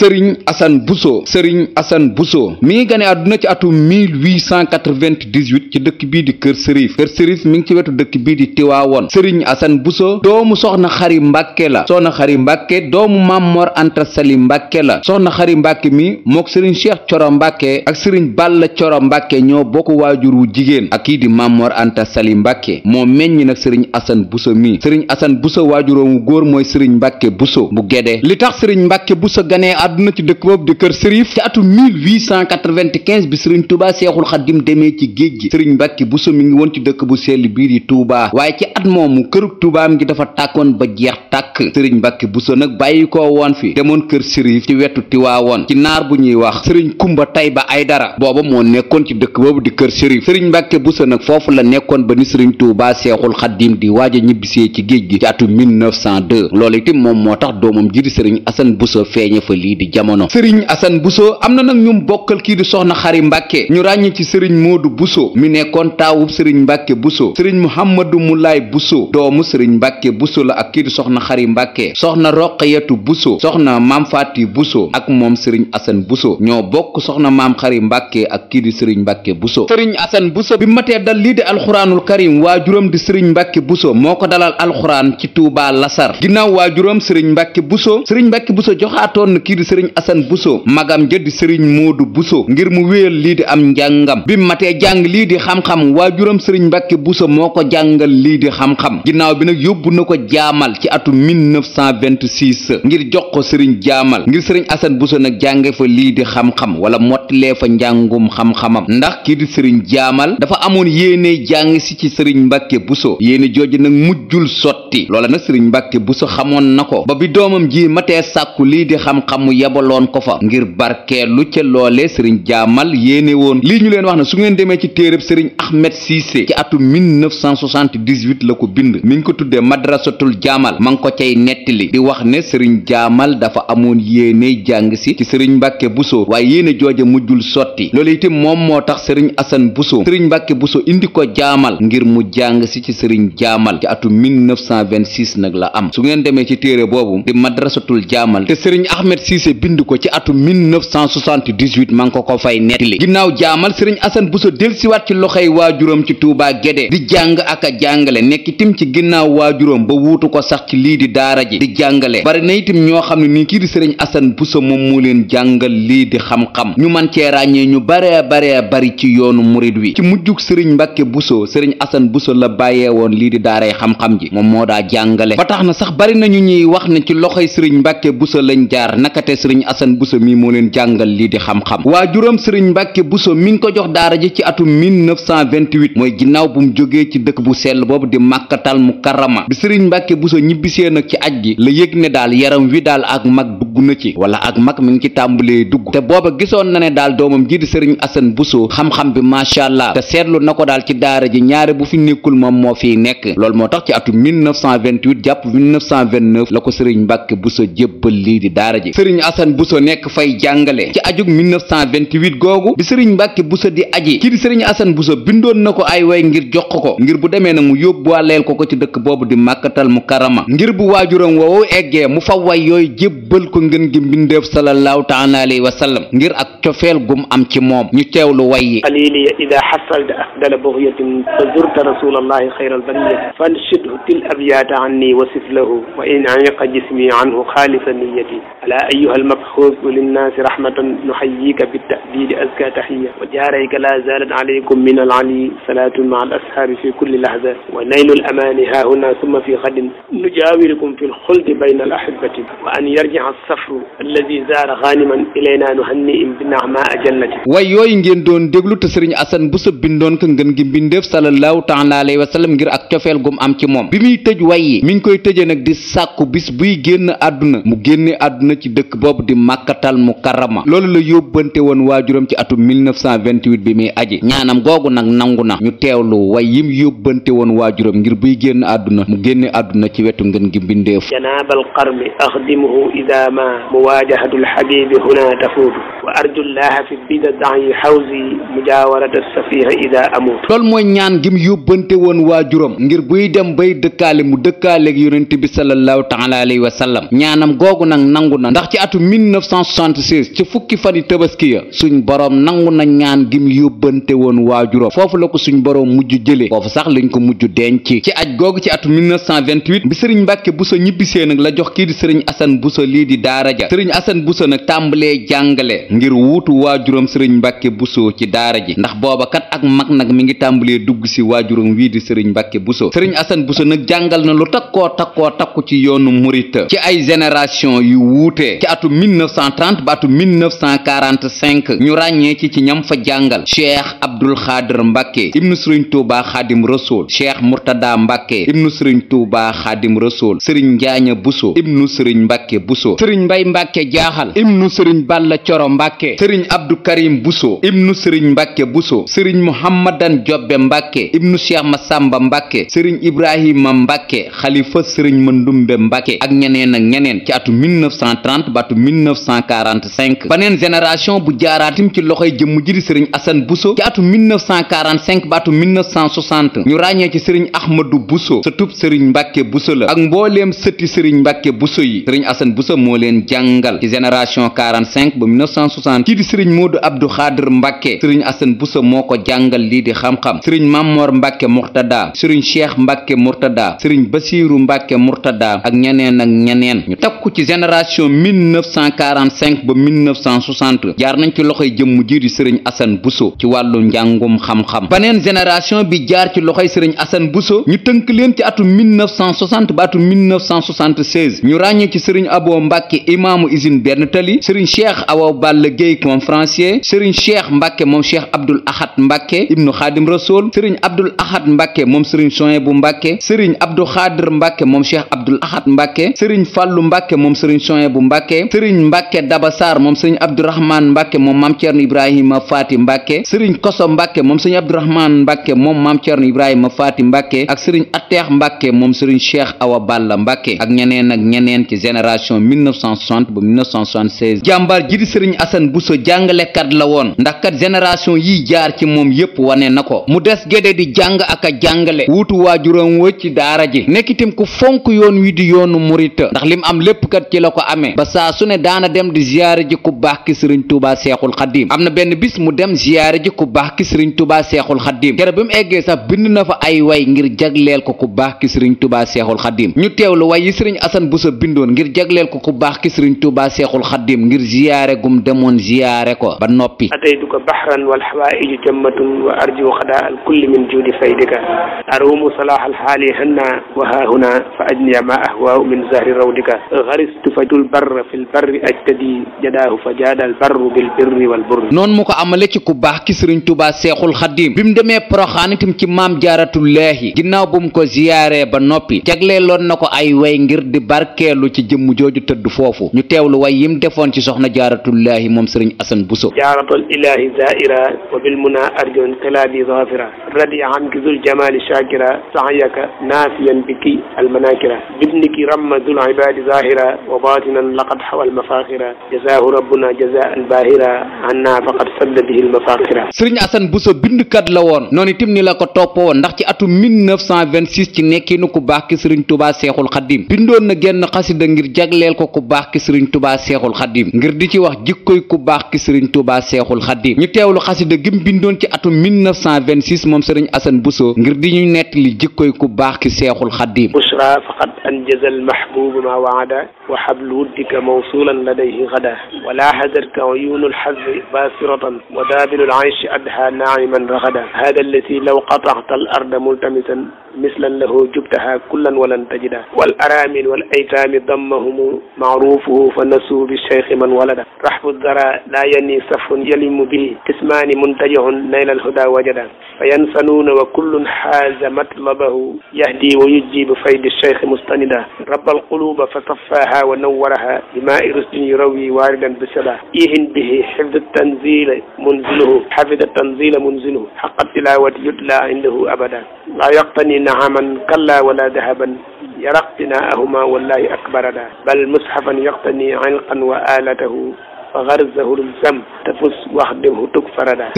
sëriñ asan buso sëriñ asan buso mi ngi gane àdduna ci atum 1898 ci dëkk bii di kër sërif kër sërif mi ngi ci wetu dëkk bii di tiwaawoon sëriñ asan buso doomu soxna xari mbàkke la soxna xari mbàkke doomu mammoor anta sali mbàkke la soxna xari mbàkke mi mook sëriñ cheikh coro mbàkke ak sëriñ balla coro mbàkke ñoo bokk waajur wu jigéen ak kii di mammoor anta sali mbàkke moo meññ nag sëriñ asan buso mi sëriñ asan buso waajuróom wu góor mooy sëriñ mbàkke buso bu gédé li àdduna ci dëkk boobu di kër sërif ci atu 1895 bi sëriñ Touba seexul xaddim demee ci géej gi sëriñ Mbàkke Buso mi ngi woon ci dëkk bu sell bii di Touba waaye ci at moomu kërug Toubaam gi dafa tàkkoon ba jeex tàkk sëriñ Mbàkke Buso nag bàyyi ko woon fi demoon kër sërif ci wetu Tiwaawoon ci naar bu ñuy wax sëriñ Kumba ay dara booba moo nekkoon ci dëkk boobu di kër sërif sëriñ Mbàkke Buso nag foofu la nekkoon ba ni sëriñ Touba seexul xaddim di waaj a ñibbisee ci géej gi ci atu 1902 loolu itam moom moo tax doomam ji sëriñ Asan Buso feeñe fa lii bii di jamono sëriñ asan buso am na nag ñum bokkal kii di soxna xari mbàkke ñu ràññi ci sëriñ moodu buso mi nekkoon taawub sëriñ mbàkke buso sëriñ muhammadu mulaay buso doomu sëriñ mbàkke la ak kii di soxna xari mbàkke soxna roqayatu buso soxna maam faati buso ak moom sëriñ asan buso ñoo bokk soxna maam xari mbàkke ak kii di sëriñ mbàkke buso sëriñ asan buso bi matee dal lii di alxuraanul karim waajuram di sëriñ mbàkke buso moo ko dalal alxuraan ci tuubaa lasar ginnaaw waajuram sëriñ mbàkke buso sëriñ mbàkke buso joxaatoon na kii di di sëriñ asan buso magam ja di sëriñ moodu buso ngir mu wéyal lii di am njàngam bi matee jàng lii di xam-xam waajuram sëriñ mbàkke buso moo ko jàngal lii di xam-xam ginnaaw bi nag yóbbu na ko jaamal ci atu 1926 ngir jox ko sëriñ jaamal ngir sëriñ asan buso nag jàngee fa lii di xam-xam wala mottilee fa njàngum xam-xamam ndax kii di sëriñ jaamal dafa amoon yéene jàng si ci sëriñ mbàkke buso yéene jooju nag mujjul sotti loola nag sëriñ mbàkke buso xamoon yebaloon ko fa ngir barkeelu ca loole sëriñ jaamal yéene woon lii ñu leen wax na su ngeen demee ci téereb sëriñ Ahmed Cissé ci atum 1978 la ko bind mi ngi ko tuddee madrasatul jaamal ma ngi ko cay nettali di wax ne sëriñ jaamal dafa amoon yéene jàng si ci sëriñ mbàkke buso waaye yéene jooje mujjul so sotti loolu itam moom moo tax sëriñ asan buso sëriñ mbàkke buso indi ko jaamal ngir mu jàng si ci sëriñ jaamal ci atu 1926 nag la am su ngeen demee ci téere boobu di madrasatul jaamal te sëriñ ahmed siise bind ko ci atu 1978 man ko ko fay nettali ginnaaw jaamal sëriñ asan buso wat ci loxoy waajuram ci tuubaa gédé di jàng ak a jàngale nekk itam ci ginnaaw waajuram ba wuutu ko sax ci lii di daara ji di jàngale bari na itam ñoo xam ne nii kii di sëriñ asan buso moom moo leen jàngal lii di xam ñu man cee ràññee ne ñu baree baree bari ci yoonu murit wi ci mujjug sëriñ mbàkke buso sëriñ asan buso la bàyyee woon lii di daaray xam-xam ji moom moo daa jàngale ba tax na sax bari nañu ñuy wax na ci loxoy sëriñ mbàkke buso lañ jaar nakate sëriñ asan buso mi moo leen jàngal lii di xam-xam waa waajuram sëriñ mbàkke buso mi ngi ko jox daara ji ci atum 1928 mooy ginnaaw bu mu jógee ci dëkk bu sell boobu di màkkatal mu karama bi sëriñ mbàkke buso ñibbisee nag ci aj gi la yëg ne daal yaram wi daal ak mag dugg na ci wala ak mag ngi ci tàmbalee dugg te kii di sëriñ Assane Bousso xam-xam bi macha allah te seetlu na ko daal ci daara ji ñaare bu fi nekkul moom moo fiy nekk loolu moo tax ci atum 1928 jàpp 1929 la ko sëriñ Mbàkke Bousso jébbal lii di daara ji sëriñ Assane Bousso nekk fay jàngale ci ajug 1928 googu bi sëriñ Mbàkke Bousso di aji kii di sëriñ Assane Bousso bindoon na ko ay way ngir jox ko ko ngir bu demee nag mu yóbbuwaaleel ko ko ci dëkk boobu di màkkatal mu karama ngir bu waajuram woowu eggee mu fa way yooyu jébbal ko ngeen gi mbindeef sallallahu taala alayhi wa sallam ngir ak cofeel gum am ci moom ñu teewlu way yi xaliliya ida xasalta afdala bughyatin fa zurta rasulallahi xayral bariyati fanshidhu til abyata anni wa siflahu wa in aniqa jismi anhu xaalisa niyati ala ayuha almabxuus linnaasi rahmatan nuxayika bittabidi azka taxiya wa jaarayka la zalat alaykum min alali salatun maa al ashaabi fi kulli lahza wa naylu alamani ha huna summa fi xadin nujawirikum fi lxuldi bayna alahibati wa an yarjica alsafru alladi zaara xaaniman ilayna nuhanni'im binnaxmaa jannati way yooyu ngeen doon déglu te sëriñ asan bu sa bindoon ko ngën gi mbindeef salallaahu taala alayhi ngir ak cofeel gum am ci moom bi muy tëj way yi mi ngi koy tëjee nag di sàkku bis buy génn àdduna mu génne àdduna ci dëkk boobu di màkkatal mu mukarrama loolu la yóbbante woon waajuram ci atum 1928 bi muy aji ñaanam googu nag nangu na ñu teew teewlu way yim yóbbante woon waajuram ngir buy génn àdduna mu génne àdduna ci wetu ngën gi mbindeef janaabal qarmi axdimuhu ida ma muwaajahatul da daan xawsi mujaawarata safiha ida amut loolu mooy ñaan gi yóbbante woon waajuram ngir buy dem bay dëkkaale mu dëkkaaleeg yonent bi sallallahu taala alayhi wa sallam ñaanam googu nag nangu na ndax ci atu 1976 ci fukki fani tabaski ya suñ boroom nangu na ñaan gim mu yóbbante woon waajuram foofu la ko suñ boroom mujj jëlee foofu sax lañ ko mujj denc ci aj googu ci atu 1928 bi sëriñ Mbàkke Buso ñibbisee nag la jox kii di sëriñ Asan Buso lii di daara ja sëriñ Asan Buso nag tàmbalee jàngale ngir sëriñ mbàkke busoo ci daara ji ndax booba kat ak mag nag mi ngi tàmbalee dugg si waajuram wii di sëriñ mbàkke busoo sëriñ asan busoo nag jàngal na lu takkoo takkoo takku ci yoonu murit ci ay génération yu wuute ci atu 1930 ba atu 1945 ñu ràññee ci ci ñam fa jàngal cheikh abdul xaadir mbàkke ibnu sëriñ tuuba xaadim rasool cheikh murtada mbàkke ibnu sëriñ tuuba xaadim rasool sëriñ njaaña busoo ibnu sëriñ mbàkke busoo sëriñ mbay mbàkke jaaxal ibnu sëriñ balla sëriñ abdu Ibrahim Bousso ibnu sëriñ Mbàkke Bousso sëriñ Muhammadan Jobbe Mbàkke ibnu Cheikh Massamba Mbàkke sëriñ Ibrahima mbake xalifa sëriñ Mandumbe Mbàkke ak ñeneen ak ñeneen ci atu 1930 ba atu 1945 baneen génération bu jaaraatim ci loxo loxoy jëmm ji di sëriñ Assane Bousso ci atu 1945 ba atu 1960 ñu ràññee ci sëriñ Ahmadou Bousso sëtub sëriñ mbake Bousso la ak mbooleem sëti sëriñ Mbàkke Bousso yi sëriñ Assane Bousso moo leen jàngal ci génération 45 ba 1960 di sëriñ Modou abdu xaadir mbàkke sëriñ asan busa moo ko jàngal lii di xam-xam sëriñ mammoor mbàkke murtada sëriñ cheikh mbàkke murtada sëriñ basiiru mbàkke murtada ak ñeneen ak ñeneen ñu takku ci génération 1945 ba 1960 jaar nañ ci loxoy jëmm ji di sëriñ asan buso ci wàllu njàngum xam-xam neen génération bi jaar ci loxoy sëriñ asan buso ñu tënk leen ci atum 1960 ba atum 1976 ñu ràññee ci sëriñ abo mbàkke imaamu usine benn tali sëriñ cheikh awa balla gueye conférencier ne sëriñ cheikh mbàkke moom cheikh abdul ahad mbàkke ibnu xaadim rasool sëriñ abdul ahad mbàkke moom sëriñ soin bu mbàkke sëriñ abdu xaadir mbàkke moom cheikh abdul ahad mbàkke sëriñ fàllu mbàkke moom sëriñ soin bu mbàkke sëriñ mbàkke daba saar moom sëriñ abdourahman mbàkke moom maam ceerno ibrahima faati mbàkke sëriñ koso mbàkke moom sëriñ abdourahman mbàkke moom maam ceerno ibrahima faati mbàkke ak sëriñ atteex mbàkke moom sëriñ cheikh awa balla mbàkke ak ñeneen ak ñeneen ci génération 1960 ba 1976 jàmbaar ji di sëriñ asan buso jàngalekat jàngkat la woon ndax kat génération yi jaar ci moom yépp wane na ko mu des gédé di jàng ak a jàngale wuutu waajuram wëcc ci daara ji nekkitim ku fonk yoon wi di yoon murit ndax lim am lépp kat ci la ko amee ba saa su ne daana dem di ziyaare ji ku baax ki sëriñ Tuubaa Seexul Xadiim am na benn bis mu dem ziyaare ji ku baax ki sëriñ Tuubaa Seexul Xadiim kere bi mu eggee sax bind na fa ay way ngir jagleel ko ku baax ki sëriñ Tuubaa Seexul Xadiim ñu teewlu way sëriñ Asan Buso bindoon ngir jagleel ko ku baax ki sëriñ Tuubaa Seexul Xadiim ngir ziyaare gum demoon ziyaare noppi ataytuka bahran wal hawaa'iju jammatun wa arju xadaa al kulli min juudi faydika arumu salaah al hanna wa haahuna fa ajniya ma ahwaau min zahri rawdika xaristu fajul barra fil barri ajtadi jadaahu fa jaadal barru bil birri wal burri noonu mu ko amale ci ku baax ki sëriñ tubaa seexul xadim bi mu demee poroxaan ci maam jaaratullaahi ginnaaw bu mu ko ziyaaree ba noppi jagleeloon na ko ay way ngir di barkeelu ci jëmm jooju tëdd foofu ñu teewlu way yim defoon ci soxna jaaratullaahi moom sëriñ asan buso زيارة الإله زائرة وبالمنى أرجو انقلابي ظافرة رضي عنك ذو الجمال شاكرة سعيك نافيا بك المناكرة بابنك رم ذو العباد ظاهرة وباطنا لقد حوى المفاخرة جزاه ربنا جزاء باهرة عنا فقد سد به المفاخرة Sëriñ Assane Bousso bindkat la woon noonu tim ni la ko toppoo ndax ci atum 1926 ci nekkinu ku baax ki Sëriñ Tuubaa Seexul Xadiim bindoon na genn xasida ngir jagleel ko ku baax ki Sëriñ Tuubaa Seexul Xadiim ngir di ci wax jikkoy ku baax ki Sëriñ Tuubaa Tuubaa Seexul Xadiim ñu teewlu xasida gim bindoon ci atum 1926 moom sëriñ Asan Buso ngir di ñu nett li jikkoy ku baax ki Seexul Xadiim busra faqad anjaza almahbubu ma waada wa habl wuddika mawsulan ladayhi gada wala hadarka uyunu alhazzi basiratan wa daabilu alayshi adha naiman raxada hada allati law qata'ta al arda multamisan mislan lahu jubtaha kullan walan tajida wal aramin wal aytaami dammahumu maarufuhu fa nasu bi cheikhi man walada rahbu dara la yani saf kashifun yalimu bihi tismaani muntajahun naylal huda wajada fa yansanuuna wa kullun xaaza matlabahu yahdi wa yujji bi faydi cheikh mustanida rabbal quluba fa saffaaha wa nawwaraha bimaai rusdin yurawi waaridan bi sada ihin bihi xifda tanzila munziluhu xafida tanzila munziluhu xaqa tilawati yutla indahu abada laa yaqtani naaman kalla wala dahaban yaraqtina'ahuma wallahi akbarada bal mushafan yaqtani ilqan wa alatahu xarzahu zam tafus wax dem hutug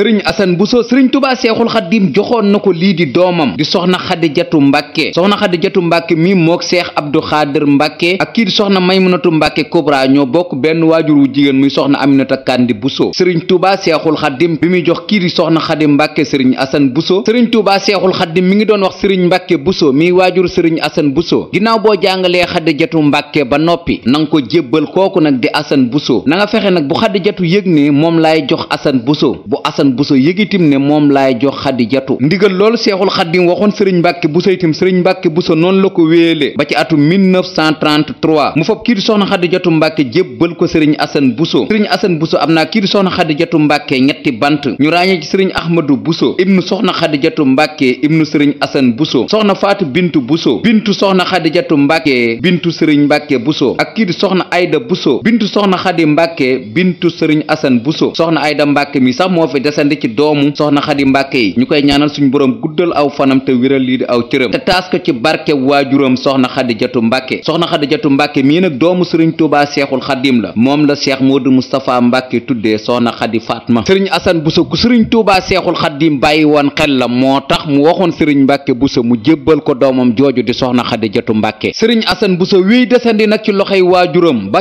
sëriñ asan buso sëriñ tubaa seexul xaddim joxoon na ko lii di doomam di soxna xadijatu mbàkke soxna xadijatu mbàkke mi moo seex abdu xaadir mbàkke ak kii di soxna maymunatu mbàkke kubra ñoo bokk benn waajur wu jigéen muy soxna aminata kandi buso sëriñ tubaa seexul xaddim bi muy jox kii di soxna xadi mbàkke sëriñ asan buso sëriñ tubaa seexul xaddim mi ngi doon wax sëriñ mbàkke buso mi waajur sëriñ asan buso ginnaaw boo jàngalee xadijatu mbàkke ba noppi nanga ko jébbal kooku nag di nag bu xadijatu yëg ne moom laay jox asan buso bu asan buso yëg itim ne moom laay jox xadijatu ndigal loolu seexul xaddim waxoon sëriñ mbàkke buso itim sëriñ mbàkke buso noonu la ko wéele ba ci atu 1933 mu fab kii di soxna xadijatu mbàkke jébbal ko sëriñ asan buso sëriñ asan buso am naa kii di soxna xadijatu mbàkke ñetti bant ñu ràññee ci sëriñ ahmadu buso ibnu soxna xadijatu mbàkke ibnu sëriñ asan buso soxna faatu bintu buso bintu soxna xadijatu mbàkke bintu sëriñ mbàkke buso ak kii di soxna ayda buso bintu soxna xadi mbàkke bintu sëriñ asan buso soxna ayda mbàkke mi sax moo fi desandi ci doomu soxna xadi mbàkke yi ñu koy ñaanal suñu borom guddal aw fanam te wéral lii di aw cëram te taas ko ci barke waajuram soxna xadi jatu mbàkke soxna xadi jatu mbàkke mii nag doomu sëriñ tuubaa seexul xadim la moom la seex moodu mustapha mbàkke tuddee soxna xadi faatma sëriñ asan buso ku sëriñ tuubaa seexul xadim bàyyi woon xel la moo tax mu waxoon sëriñ mbàkke buso mu jébbal ko doomam jooju di soxna xadi jatu mbàkke sëriñ asan buso wiy desandi nag ci loxoy waajuram ba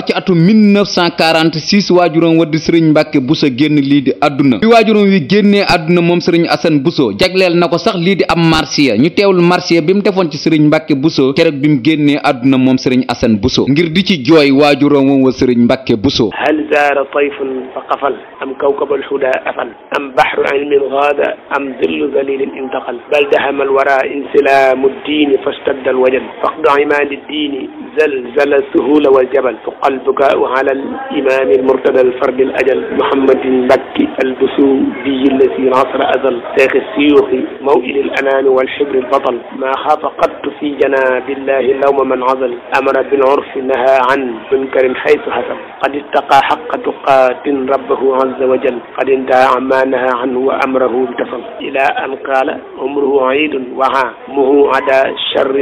waajuróom wa di sëriñ mbàkke buso génn lii di àdduna bi waajuróom wi génnee àdduna moom sëriñ asan buso jagleel na ko sax lii di am marsiya ñu teewul marsiya bi mu defoon ci sëriñ mbàkke buso keroog bi mu génnee àdduna moom sëriñ asan buso ngir di ci jooy waajuróom wa sëriñ mbàkke buso hal zaara tayfun fa qafal am kawkabal huda afal am bahru ilmin gaada am zillu zalilin intaqal bal dahama alwara insilaamu ddiini fastadda alwajal faqdu imaani ddiini zalzala suhula waljabal tuqal bukaau ala alimaami مرتدى الفرد الأجل محمد مكي البسوبي الذي عصر أزل شيخ السيوخ موئل الأنام والحبر البطل ما خاف قط في جناب الله لوم من عزل أمر بالعرف نهى عن منكر حيث حسب قد اتقى حق تقات ربه عز وجل قد انتهى عما نهى عنه وأمره امتصل إلى أن قال عمره عيد وعامه عدا شر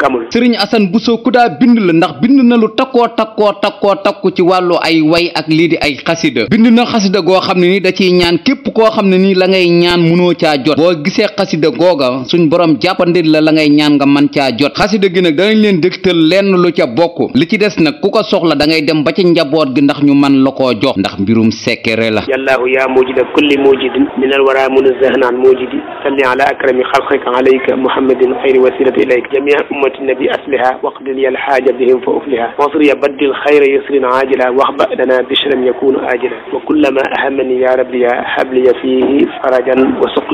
كمل Sëriñ Assane Bousso ku daa bind la ndax bind na lu takkoo takkoo takkoo takku ci wàllu ay way ak li lii di ay xasida bind na xasida goo xam ne ni da ñaan képp koo xam ne nii la ngay ñaan munoo caa jot boo gisee xasida googa suñ borom jàppandit la la ngay ñaan nga man caa jot xasida gi nag danañ leen dégtal lenn lu ca bokk li ci des nag ku ko soxla da ngay dem ba ci njaboot gi ndax ñu man la koo jox ndax mbirum sekkere la yallaahu yaa mujida kulli mujidin minal wara mun zahnan mujidi salli ala akrami xalqika alayka muhammadin xayri wasilati ilayka jamia an yakunu ajila wa ya rabbi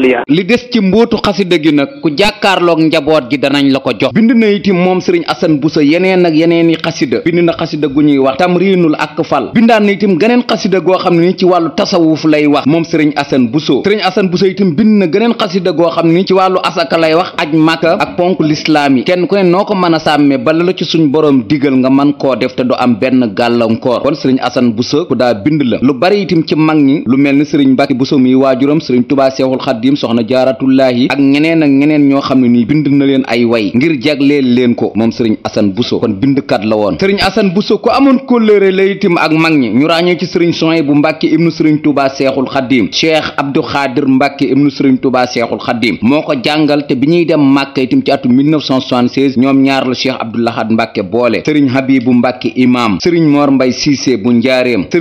ya li des ci mbootu xasida gi nag ku jàkkaarloog njaboot gi danañ la ko jox bind na itim moom sëriñ Assane Bousso yeneen ak yeneen i xasida bind na xasida ñuy wax tamriinul ak fal bindaan na itim geneen goo xam ne ci wàllu tasawuf lay wax moom sëriñ Assane Bousso sëriñ Assane Bousso itim bind na geneen xasida goo xam ni ci wàllu asaka lay wax aj màkka ak ponk lislaam yi kenn ku noo ko mën a sàmmee bala la ci suñ borom digal nga man koo def te du am benn gàllankoor kon sëriñ Assane Bousso ku daa bind la lu bari itam ci mag ñi lu mel ni sëriñ Mbàkke Buso mi waajuram sëriñ Tubaa Seexul Xaddiim soxna Jaaratullaahi ak ñeneen ak ñeneen ñoo xam ne nii bind na leen ay way ngir jagleel leen ko moom sëriñ Asan Buso kon kat la woon sëriñ Asan so ko amoon kóllëre la itam ak mag ñi ñu ràññee ci sëriñ Soy bu Mbàkke ibnu sëriñ Tubaa Seexul Xaddiim Cheikh Abdou Xaadir Mbàkke ibnu sëriñ Tubaa Seexul Xaddiim moo ko jàngal te bi ñuy dem Màkka itam ci atum 1976 ñoom ñaar la Cheikh Abdou Lahad Mbàkke boole sëriñ Habibu Mbàkke imaam sëriñ Mor Mbay Siise bu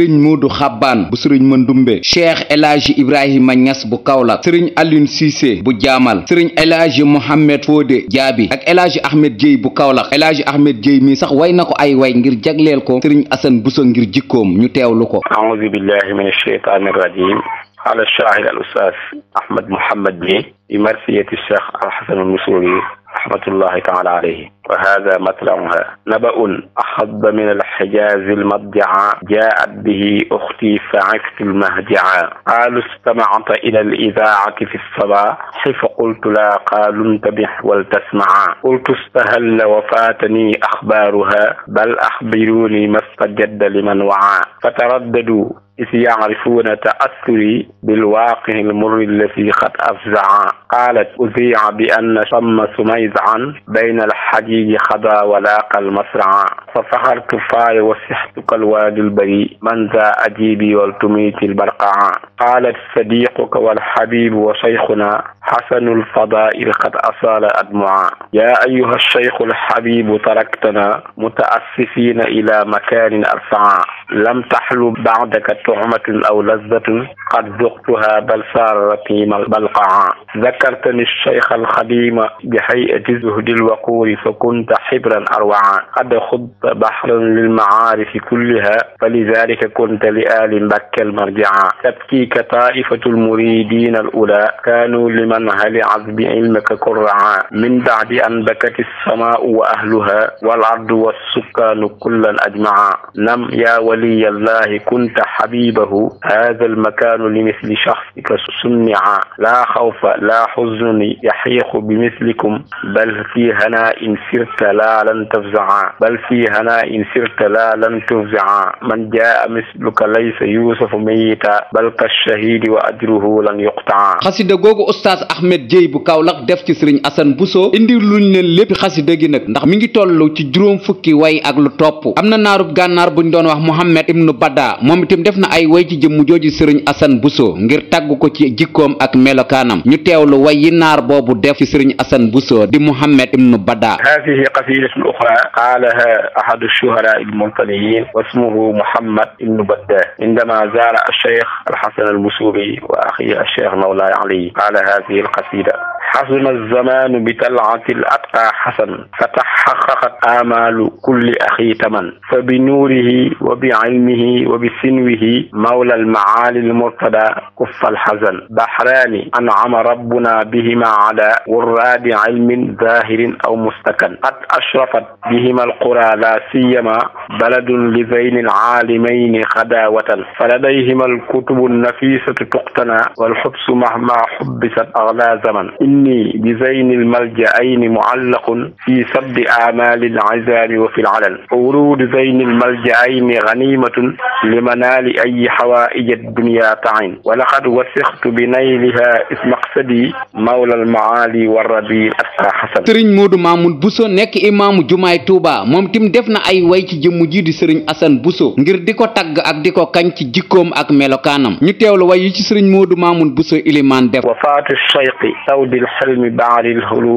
sëriñ Modou Xabbaan bu sëriñ Mandumbe cheikh El Hadji Ibrahima Niass bu Kaolack sëriñ alin Cissé bu Jaamal sëriñ El Hadji Mohamed Jaabi ak El Hadji Ahmed Dieye bu Kaolack El Hadji Ahmed Dieye mi sax way na ko ay way ngir jagleel ko sëriñ Assane Bousso ngir jikkoom ñu teewlu ko aouzu billahi min ashaytani rajim ala shahid al ustaz Ahmed Mohamed bi bi marsiyati cheikh Al Hasan al Musuli raxmatullahi taala alayhi wa hada matlauha nabaun axadda min alxijaazi almadjaa jaat bihi uxti fa ifti almahjaa qaalu stamacta ila alidaacati fi lsaba xifa qultu laa qaalu ntabix waltasmaca qultu stahalla wa faatani axbaaruha bal axbiruuni ma stajadda liman wacaa fataraddadu is yaarifuuna taasuri bilwaaqii lmurri allati qad afzaa qaalat uziica bi anna samma sumayzan bayna alxajiiji xada walaaqa almasraa fa faxartu faay wa sixtuka alwaadi lbari man za ajiibi waltumiiti lbarqaa qaalat sadiiquka walxabiibu wa shaykhuna xasanu lfadaa'il qad asaala admuaa yaa ayuha alshaykhu alxabiibu taraktana mutaassifiina ila makaanin arfaaa lam taxlu baadaka tuxmatun aw lazatun qad duxtuha bal sararat yima balqaa zakartani cheikha alxadima bi hayati zuhdi lwaquuri fa kunta xibran arwaa qad xudta baxran lilmacaarifi kulliha fa lidalika kunta li ali mbakke almarjaa tabkiika taifatu lmuridina alula kaanu liman hali azbi ilmika kurraa min bacdi an bakati alsamaau wa ahluha walardu wassukaanu kullan ajmaa nam yaa wali ولي الله كنت حبيبه هذا المكان لمثل شخصك صنعا لا خوف لا حزن يحيق بمثلكم بل في هناء سرت لا لن تفزعا بل في هناء سرت لا لن تفزعا من جاء مثلك ليس يوسف ميتا بل كالشهيد وأجره لن يقطعا xasida googu oustaz Ahmed Dieye bu Kaolack def ci sëriñ Assane Bousso indi luñ leen lépp xasida gi nag ndax mi ngi toll ci juróom fukki way ak lu topp am na naarub gànnaar buñ doon wax Mohamed Ibnu Bada moom itam def na ay way ci jëmm jooju sëriñ Assane Bousso ngir tàgg ko ci jikkoom ak melokaanam ñu teewlu way yi naar boobu def ci sëriñ Assane Bousso di Mohamed Ibnu Bada hadihi qasidatun uxra qaalaha ahadu shuhara almuntaniyin wasmuhu Mohamed Ibnu Bada indama zaara alcheikh alxasan almusubi wa axihi alcheikh Mawlaay Ali qaala hadihi alqasida xasuna zamaanu bi talaatil atqa xasan fa taxaqaqat aamaalu kulli axi taman fa bi nuurihi wa bi ilmihi wa bi sinwihi mawla almacaali almurtada kuffa alxasan bahraani ancama rabbuna bihima ala wurraadi cilmin zaahirin aw mustakan qad ashrafat bihima alqura laa siyama baladun lidayni alcaalimayni xadaawatan faladayhima alkutubu alnafisatu tuqtana walxubsu mahma xubbisat agla zaman inni bi zaynil malja'ayni mu'allaqun fi sabbi a'malil 'izami wa fil 'alan fa wurudu zaynil malja'ayni ghanimatun limanali ayyi hawa'ij ad-dunya ta'in wa laqad wasikhtu bi nayliha is maqsadi mawla al-ma'ali wa rabi as-hasan sëriñ Modou Mamoun Bousso nekk imaamu jumaay Touba moom tim def na ay way ci jëmm ji di sëriñ Assane Bousso ngir di ko tagg ak di ko kañ ci jikkoom ak melokaanam ñu teewlu way yi ci sëriñ Modou Mamoun Bousso ilimaan def wafaatu shayqi sawdil salmi baadil hulu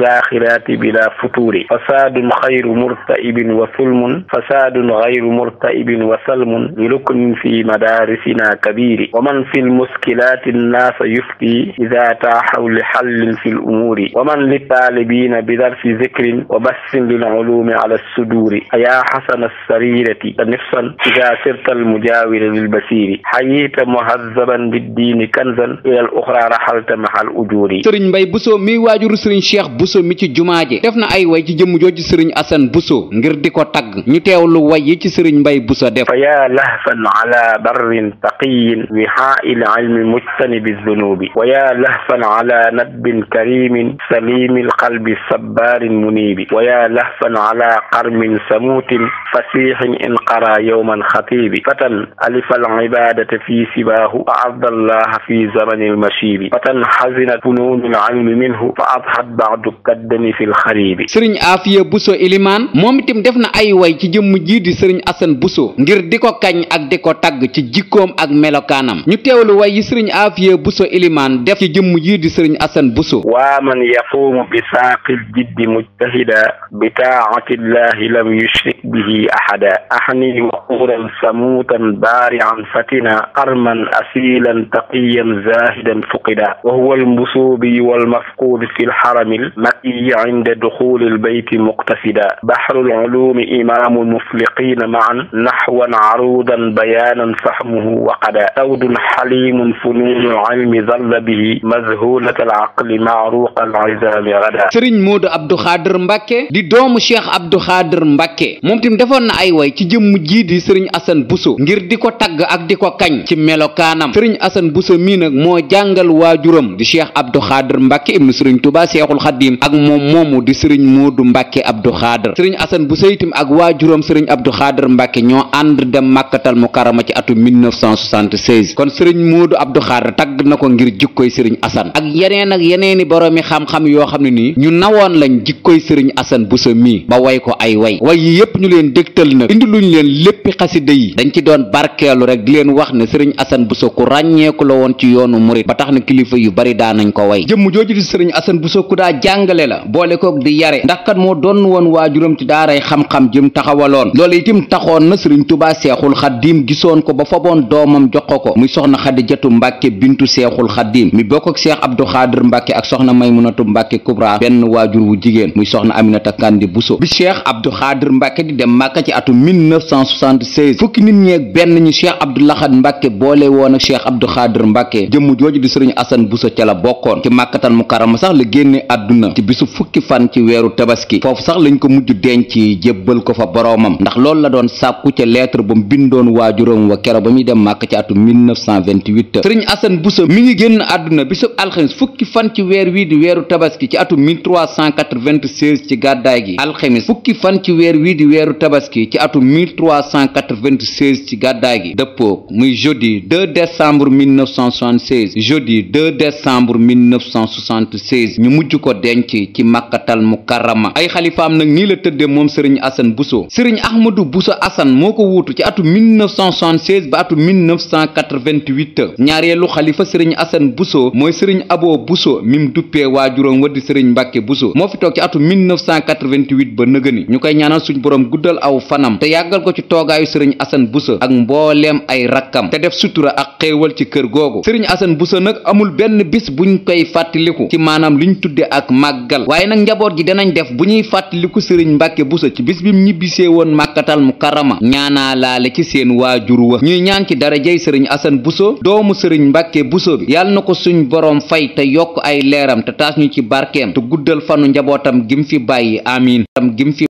zaaxiraati bila futuuri fasaadun xayru murtaibin wa sulmun fasaadun xayru murtaibin wa salmun ruknin fi madaarisina kabiiri wa man fi lmuskilaati annaasa yufti ida taaxaw li xallin fi lumuuri wa man li taalibiina bi darsi zikrin wa bassin lil ulumi ala suduuri ayaa xasana sarirati ta nifsan ida sirta almujaawira lilbasiiri xayita muhazaban biddiini kanzan ila al uxra raxalta maxa al ujuuri Mbay Buso miy waajuru sëriñ Cheikh Buso mi ci jumaa ji def na ay way ci jëmm jooju sëriñ Asan Buso ngir di ko tagg ñu teewlu way yi ci sëriñ Mbay Buso def fa yaa lahfan ala barrin taqiyin wihaa'il ilmi mujtanibi zunubi wa yaa lahfan ala nabbin karimin salimil qalbi sabbaarin munibi wa yaa lahfan ala qarmin samuutin fasiihin in qara yawman xatiibi fatan alifal ibaadati fi sibaahu wa afdallaha fi zamanil mashiibi fatan xazinat funuunil almi minhu fa adhat baadu kaddami fi lxaribi sëriñ aafiya buso ilimaan moom itam def na ay way ci jëmm jii di sëriñ asan buso ngir di ko kañ ak di ko tagg ci jikkoom ak melokaanam ñu teewlu way yi sëriñ aafiya buso ilimaan def ci jëmm jii di sëriñ asan buso waa man yaquumu bi saaqil jiddi mujtahida bi taatillahi lam yushrik bihi ahada ahni waquuran samuutan baarian fatina arman asilan taqiyan zahidan fuqida wa huwa almusubi والمفقود في الحرم المكي عند دخول البيت مقتصدا بحر العلوم إمام المفلقين معا نحوا عروضا بيانا فهمه وقدا سود حليم فنون العلم ظل به مذهولة العقل معروق العزام غدا Serigne Modou Abdou Khadr Mbacké di doomu Cheikh Abdou Khadr Mbacké moom tamit defoon na ay way ci jëmm ji di Serigne Assane Bousso ngir di ko tagg ak di ko kañ ci melokaanam Serigne Assane Bousso mii nag moo jàngal waajuram di Cheikh Abdou Khadr xaadir mbàkke ibnu sëriñ tuba seexul xaddiim ak moom moomu di sëriñ moodu mbàkke abdu xaadir sëriñ asan bu seytim ak waajuram sëriñ abdu xaadir mbàkke ñoo ànd dem màkkatal mu karama ci atum kon sëriñ moodu abdu xaadir tagg na ko ngir jikkoy sëriñ asan ak yeneen ak yeneeni boroomi xam-xam yoo xam ne nii ñu nawoon lañ jikkoy sëriñ asan bu sa mii ba way ko ay way way yi yépp ñu leen dégtal nag indi leen léppi xasida yi dañ ci doon barkeelu rek di leen jëmm jooju di sëriñ asan buso ku daa jàngale la boole koog di yare ndax kat moo doon woon waajuram ci daaray xam-xam jëm taxawaloon loolu itam taxoon na sëriñ tubaa seexul xaddiim gisoon ko ba faboon doomam jox ko ko muy soxna xadijatu mbàkke bintu seexul xaddiim mi bokk ak seex abdu xaadir mbàkke ak soxna maymunatu mbàkke kubra benn waajur wu jigéen muy soxna aminata kandi buso bi cheikh abdu xaadir mbàkke di dem màkka ci atu 1976 fukki nit ñeeg benn ñu cheikh abdu laxad mbàkke boole woon ak cheikh abdu xaadir mbàkke jëmm jooju di sëriñ asan buso ca la bokkoon ci màkkatal mukarama sax la génne àdduna ci bisu fukki fan ci weeru tabaski foofu sax lañ ko mujj denc jébbal ko fa boroomam ndax loolu la doon sàkku ca lettre ba mu bindoon waajuram wa kero ba muy dem màkk ci atum 1928 sëriñ Assane Bousso mi ngi génn àdduna bisub alxemes fukki fan ci weer wii di weeru tabaski ci atum 1396 ci gàddaay gi alxemes fukki fan ci weer wii di weeru tabaski ci atum 1396 ci gàddaay gi dëppoo muy jeudi 2 décembre 1976 jeudi 2 décembre 1976 1976 ñu mujj ko denc ci màkkatal mukarrama ay xalifaam nag nii la tëdde moom sëriñ asan buso sëriñ ahmadu buso asan moo ko wuutu ci atu 1976 ba atu 1988 ñaareelu xalifa sëriñ asan buso mooy sëriñ abo buso mim duppee waajuroom waddi sëriñ mbàkke buso moo fi toog ci atu 1988 ba nëgëni ñu koy ñaanal suñ boroom guddal aw fanam te yàggal ko ci toogaayu sëriñ asan buso ak mbooleem ay rakkam te def sutura ak xéewal ci kër googu sëriñ asan buso nag amul benn bis buñ koy fàtt fàttaliku maanam maanaam ñu tudde ak màggal waaye nag njaboot gi danañ def bu ñuy fàttaliku sëriñ mbàkke busa ci bis mu ñibbisee woon màkkatal mu karama ñaanaa laale ci seen waajur wa ñuy ñaan ci darajey sëriñ asan buso doomu sëriñ mbàkke buso bi yàlla na ko suñ boroom fay te yokk ay leeram te taas ñu ci barkeem te guddal fanu njabootam gim fi bàyyi amiin tam gim fi